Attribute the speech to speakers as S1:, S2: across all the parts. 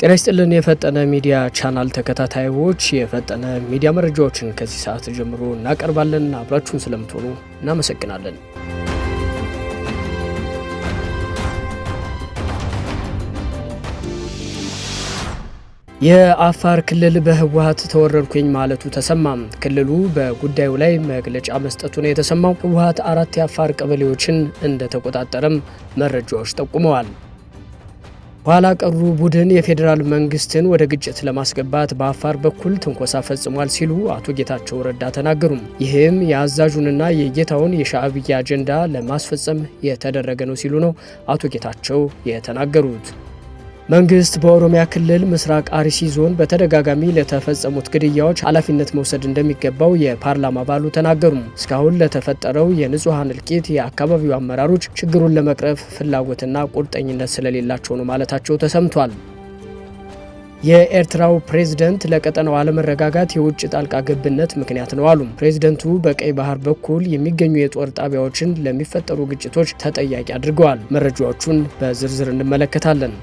S1: ጤና ይስጥልን የፈጠነ ሚዲያ ቻናል ተከታታዮች፣ የፈጠነ ሚዲያ መረጃዎችን ከዚህ ሰዓት ጀምሮ እናቀርባለን። አብራችሁን ስለምትሆኑ እናመሰግናለን። የአፋር ክልል በህወሀት ተወረርኩኝ ማለቱ ተሰማም ክልሉ በጉዳዩ ላይ መግለጫ መስጠቱ ነው የተሰማው። ህወሀት አራት የአፋር ቀበሌዎችን እንደተቆጣጠረም መረጃዎች ጠቁመዋል። ኋላ ቀሩ ቡድን የፌዴራል መንግስትን ወደ ግጭት ለማስገባት በአፋር በኩል ትንኮሳ ፈጽሟል ሲሉ አቶ ጌታቸው ረዳ ተናገሩም። ይህም የአዛዡንና የጌታውን የሻዕብያ አጀንዳ ለማስፈጸም የተደረገ ነው ሲሉ ነው አቶ ጌታቸው የተናገሩት። መንግስት በኦሮሚያ ክልል ምስራቅ አርሲ ዞን በተደጋጋሚ ለተፈጸሙት ግድያዎች ኃላፊነት መውሰድ እንደሚገባው የፓርላማ አባሉ ተናገሩ። እስካሁን ለተፈጠረው የንጹሐን እልቂት የአካባቢው አመራሮች ችግሩን ለመቅረፍ ፍላጎትና ቁርጠኝነት ስለሌላቸው ነው ማለታቸው ተሰምቷል። የኤርትራው ፕሬዝደንት ለቀጠናው አለመረጋጋት የውጭ ጣልቃ ገብነት ምክንያት ነው አሉ። ፕሬዝደንቱ በቀይ ባህር በኩል የሚገኙ የጦር ጣቢያዎችን ለሚፈጠሩ ግጭቶች ተጠያቂ አድርገዋል። መረጃዎቹን በዝርዝር እንመለከታለን።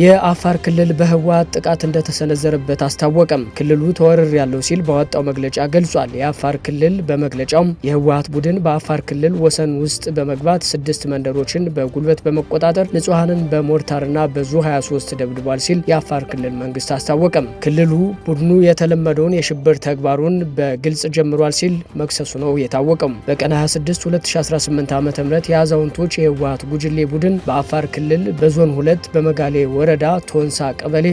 S1: የአፋር ክልል በህወሓት ጥቃት እንደተሰነዘረበት አስታወቀም። ክልሉ ተወርር ያለው ሲል ባወጣው መግለጫ ገልጿል። የአፋር ክልል በመግለጫውም የህወሓት ቡድን በአፋር ክልል ወሰን ውስጥ በመግባት ስድስት መንደሮችን በጉልበት በመቆጣጠር ንጹሐንን በሞርታርና በዙ 23 ደብድቧል ሲል የአፋር ክልል መንግስት አስታወቀም። ክልሉ ቡድኑ የተለመደውን የሽብር ተግባሩን በግልጽ ጀምሯል ሲል መክሰሱ ነው የታወቀም። በቀን 26 2018 ዓ ም የአዛውንቶች የህወሓት ጉጅሌ ቡድን በአፋር ክልል በዞን ሁለት በመጋሌ ወረዳ ቶንሳ ቀበሌ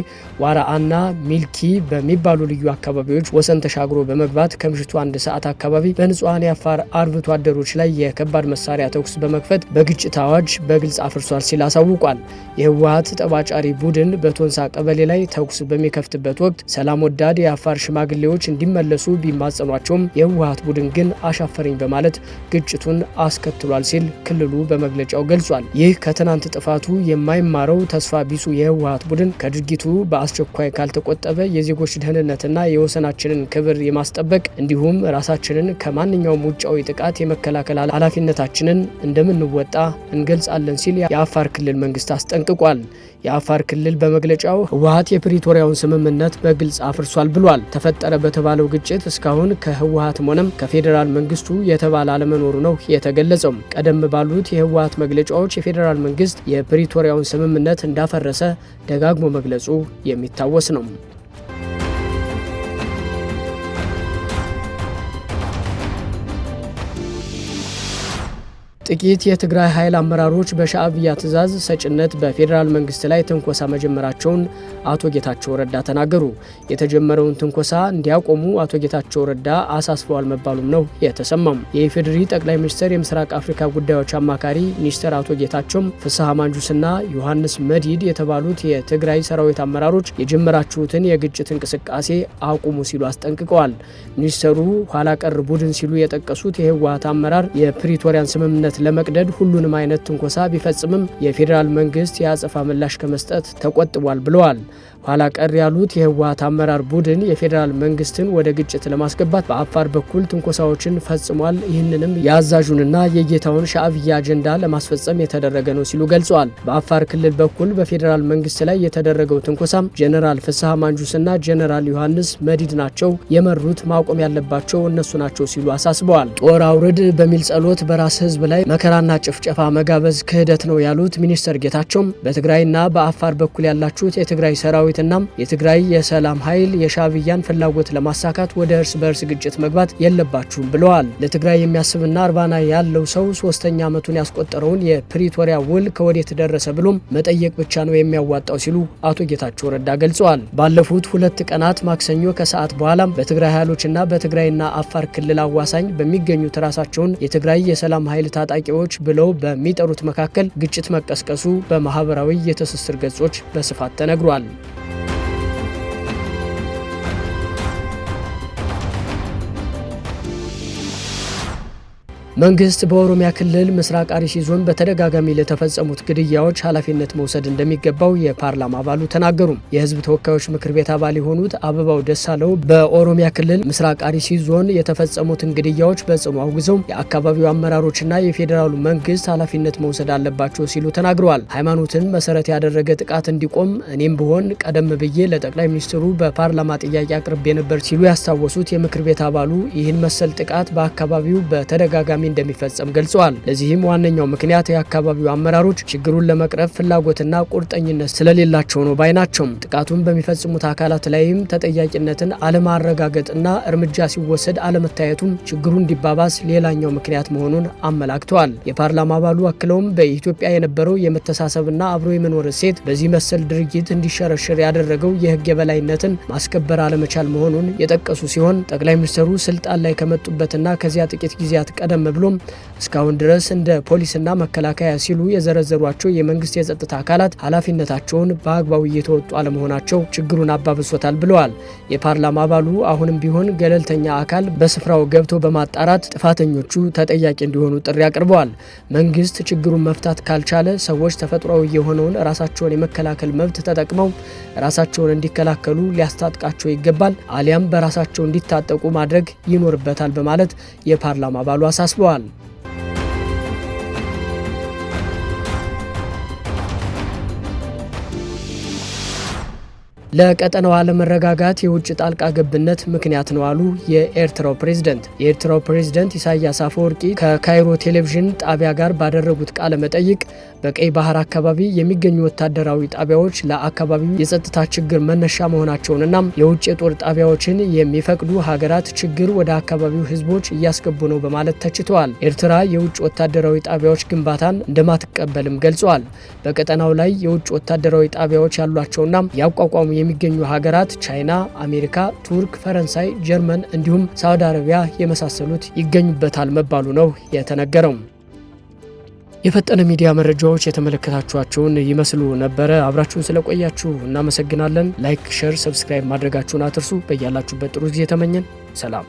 S1: ዋራአና ሚልኪ በሚባሉ ልዩ አካባቢዎች ወሰን ተሻግሮ በመግባት ከምሽቱ አንድ ሰዓት አካባቢ በንጹሐን የአፋር አርብቶ አደሮች ላይ የከባድ መሳሪያ ተኩስ በመክፈት በግጭት አዋጅ በግልጽ አፍርሷል ሲል አሳውቋል። የህወሀት ጠባጫሪ ቡድን በቶንሳ ቀበሌ ላይ ተኩስ በሚከፍትበት ወቅት ሰላም ወዳድ የአፋር ሽማግሌዎች እንዲመለሱ ቢማጸኗቸውም የህወሀት ቡድን ግን አሻፈረኝ በማለት ግጭቱን አስከትሏል ሲል ክልሉ በመግለጫው ገልጿል። ይህ ከትናንት ጥፋቱ የማይማረው ተስፋ ቢሱ የህወሀት ቡድን ከድርጊቱ በአስቸኳይ ካልተቆጠበ የዜጎች ደህንነትና የወሰናችንን ክብር የማስጠበቅ እንዲሁም ራሳችንን ከማንኛውም ውጫዊ ጥቃት የመከላከል ኃላፊነታችንን እንደምንወጣ እንገልጻለን ሲል የአፋር ክልል መንግስት አስጠንቅቋል። የአፋር ክልል በመግለጫው ህወሀት የፕሪቶሪያውን ስምምነት በግልጽ አፍርሷል ብሏል። ተፈጠረ በተባለው ግጭት እስካሁን ከህወሀትም ሆነም ከፌዴራል መንግስቱ የተባለ አለመኖሩ ነው የተገለጸው። ቀደም ባሉት የህወሀት መግለጫዎች የፌዴራል መንግስት የፕሪቶሪያውን ስምምነት እንዳፈረሰ ደጋግሞ መግለጹ የሚታወስ ነው። ጥቂት የትግራይ ኃይል አመራሮች በሻዕብያ ትዕዛዝ ሰጭነት በፌዴራል መንግስት ላይ ትንኮሳ መጀመራቸውን አቶ ጌታቸው ረዳ ተናገሩ። የተጀመረውን ትንኮሳ እንዲያቆሙ አቶ ጌታቸው ረዳ አሳስበዋል መባሉም ነው የተሰማም። የኢፌዴሪ ጠቅላይ ሚኒስትር የምስራቅ አፍሪካ ጉዳዮች አማካሪ ሚኒስትር አቶ ጌታቸውም ፍስሐ ማንጁስና ዮሐንስ መዲድ የተባሉት የትግራይ ሰራዊት አመራሮች የጀመራችሁትን የግጭት እንቅስቃሴ አቁሙ ሲሉ አስጠንቅቀዋል። ሚኒስትሩ ኋላ ቀር ቡድን ሲሉ የጠቀሱት የህወሀት አመራር የፕሪቶሪያን ስምምነት ለመቅደድ ሁሉንም አይነት ትንኮሳ ቢፈጽምም የፌዴራል መንግስት የአጸፋ ምላሽ ከመስጠት ተቆጥቧል ብለዋል። ኋላ ቀር ያሉት የህወሀት አመራር ቡድን የፌዴራል መንግስትን ወደ ግጭት ለማስገባት በአፋር በኩል ትንኮሳዎችን ፈጽሟል፣ ይህንንም የአዛዡንና የጌታውን ሻዕብያ አጀንዳ ለማስፈጸም የተደረገ ነው ሲሉ ገልጸዋል። በአፋር ክልል በኩል በፌዴራል መንግስት ላይ የተደረገው ትንኮሳም ጀኔራል ፍስሐ ማንጁስና ጀኔራል ዮሐንስ መዲድ ናቸው የመሩት፣ ማቆም ያለባቸው እነሱ ናቸው ሲሉ አሳስበዋል። ጦር አውርድ በሚል ጸሎት በራስ ህዝብ ላይ መከራና ጭፍጨፋ መጋበዝ ክህደት ነው ያሉት ሚኒስተር ጌታቸውም በትግራይና በአፋር በኩል ያላችሁት የትግራይ ሰራዊትና የትግራይ የሰላም ኃይል የሻዕቢያን ፍላጎት ለማሳካት ወደ እርስ በእርስ ግጭት መግባት የለባችሁም ብለዋል። ለትግራይ የሚያስብና እርባና ያለው ሰው ሶስተኛ ዓመቱን ያስቆጠረውን የፕሪቶሪያ ውል ከወዴት ደረሰ ብሎም መጠየቅ ብቻ ነው የሚያዋጣው ሲሉ አቶ ጌታቸው ረዳ ገልጸዋል። ባለፉት ሁለት ቀናት ማክሰኞ ከሰዓት በኋላም በትግራይ ኃይሎችና በትግራይና አፋር ክልል አዋሳኝ በሚገኙት ራሳቸውን የትግራይ የሰላም ኃይል ታ ታጣቂዎች ብለው በሚጠሩት መካከል ግጭት መቀስቀሱ በማህበራዊ የትስስር ገጾች በስፋት ተነግሯል። መንግስት በኦሮሚያ ክልል ምስራቅ አርሲ ዞን በተደጋጋሚ ለተፈጸሙት ግድያዎች ኃላፊነት መውሰድ እንደሚገባው የፓርላማ አባሉ ተናገሩ። የህዝብ ተወካዮች ምክር ቤት አባል የሆኑት አበባው ደሳለው በኦሮሚያ ክልል ምስራቅ አርሲ ዞን የተፈጸሙትን ግድያዎች በጽኑ አውግዘው የአካባቢው አመራሮችና የፌዴራሉ መንግስት ኃላፊነት መውሰድ አለባቸው ሲሉ ተናግረዋል። ሃይማኖትን መሰረት ያደረገ ጥቃት እንዲቆም እኔም ብሆን ቀደም ብዬ ለጠቅላይ ሚኒስትሩ በፓርላማ ጥያቄ አቅርቤ ነበር ሲሉ ያስታወሱት የምክር ቤት አባሉ ይህን መሰል ጥቃት በአካባቢው በተደጋጋሚ እንደሚፈጸም ገልጸዋል። ለዚህም ዋነኛው ምክንያት የአካባቢው አመራሮች ችግሩን ለመቅረፍ ፍላጎትና ቁርጠኝነት ስለሌላቸው ነው ባይ ናቸው። ጥቃቱን በሚፈጽሙት አካላት ላይም ተጠያቂነትን አለማረጋገጥና እርምጃ ሲወሰድ አለመታየቱም ችግሩ እንዲባባስ ሌላኛው ምክንያት መሆኑን አመላክተዋል። የፓርላማ አባሉ አክለውም በኢትዮጵያ የነበረው የመተሳሰብና አብሮ የመኖር እሴት በዚህ መሰል ድርጊት እንዲሸረሸር ያደረገው የህግ የበላይነትን ማስከበር አለመቻል መሆኑን የጠቀሱ ሲሆን ጠቅላይ ሚኒስትሩ ስልጣን ላይ ከመጡበትና ከዚያ ጥቂት ጊዜያት ቀደም ብሎም እስካሁን ድረስ እንደ ፖሊስና መከላከያ ሲሉ የዘረዘሯቸው የመንግስት የጸጥታ አካላት ኃላፊነታቸውን በአግባቡ እየተወጡ አለመሆናቸው ችግሩን አባብሶታል ብለዋል። የፓርላማ አባሉ አሁንም ቢሆን ገለልተኛ አካል በስፍራው ገብቶ በማጣራት ጥፋተኞቹ ተጠያቂ እንዲሆኑ ጥሪ አቅርበዋል። መንግስት ችግሩን መፍታት ካልቻለ ሰዎች ተፈጥሯዊ የሆነውን ራሳቸውን የመከላከል መብት ተጠቅመው ራሳቸውን እንዲከላከሉ ሊያስታጥቃቸው ይገባል፣ አሊያም በራሳቸው እንዲታጠቁ ማድረግ ይኖርበታል በማለት የፓርላማ አባሉ አሳስቧል። ওয়ান ለቀጠናው አለመረጋጋት የውጭ ጣልቃ ገብነት ምክንያት ነው አሉ የኤርትራው ፕሬዝደንት። የኤርትራው ፕሬዝደንት ኢሳያስ አፈወርቂ ከካይሮ ቴሌቪዥን ጣቢያ ጋር ባደረጉት ቃለ መጠይቅ በቀይ ባህር አካባቢ የሚገኙ ወታደራዊ ጣቢያዎች ለአካባቢው የጸጥታ ችግር መነሻ መሆናቸውንና የውጭ የጦር ጣቢያዎችን የሚፈቅዱ ሀገራት ችግር ወደ አካባቢው ህዝቦች እያስገቡ ነው በማለት ተችተዋል። ኤርትራ የውጭ ወታደራዊ ጣቢያዎች ግንባታን እንደማትቀበልም ገልጸዋል። በቀጠናው ላይ የውጭ ወታደራዊ ጣቢያዎች ያሏቸውና ያቋቋሙ የሚገኙ ሀገራት ቻይና፣ አሜሪካ፣ ቱርክ፣ ፈረንሳይ፣ ጀርመን እንዲሁም ሳውዲ አረቢያ የመሳሰሉት ይገኙበታል መባሉ ነው የተነገረው። የፈጠነ ሚዲያ መረጃዎች የተመለከታችኋቸውን ይመስሉ ነበረ። አብራችሁን ስለቆያችሁ እናመሰግናለን። ላይክ፣ ሸር፣ ሰብስክራይብ ማድረጋችሁን አትርሱ። በያላችሁበት ጥሩ ጊዜ ተመኘን። ሰላም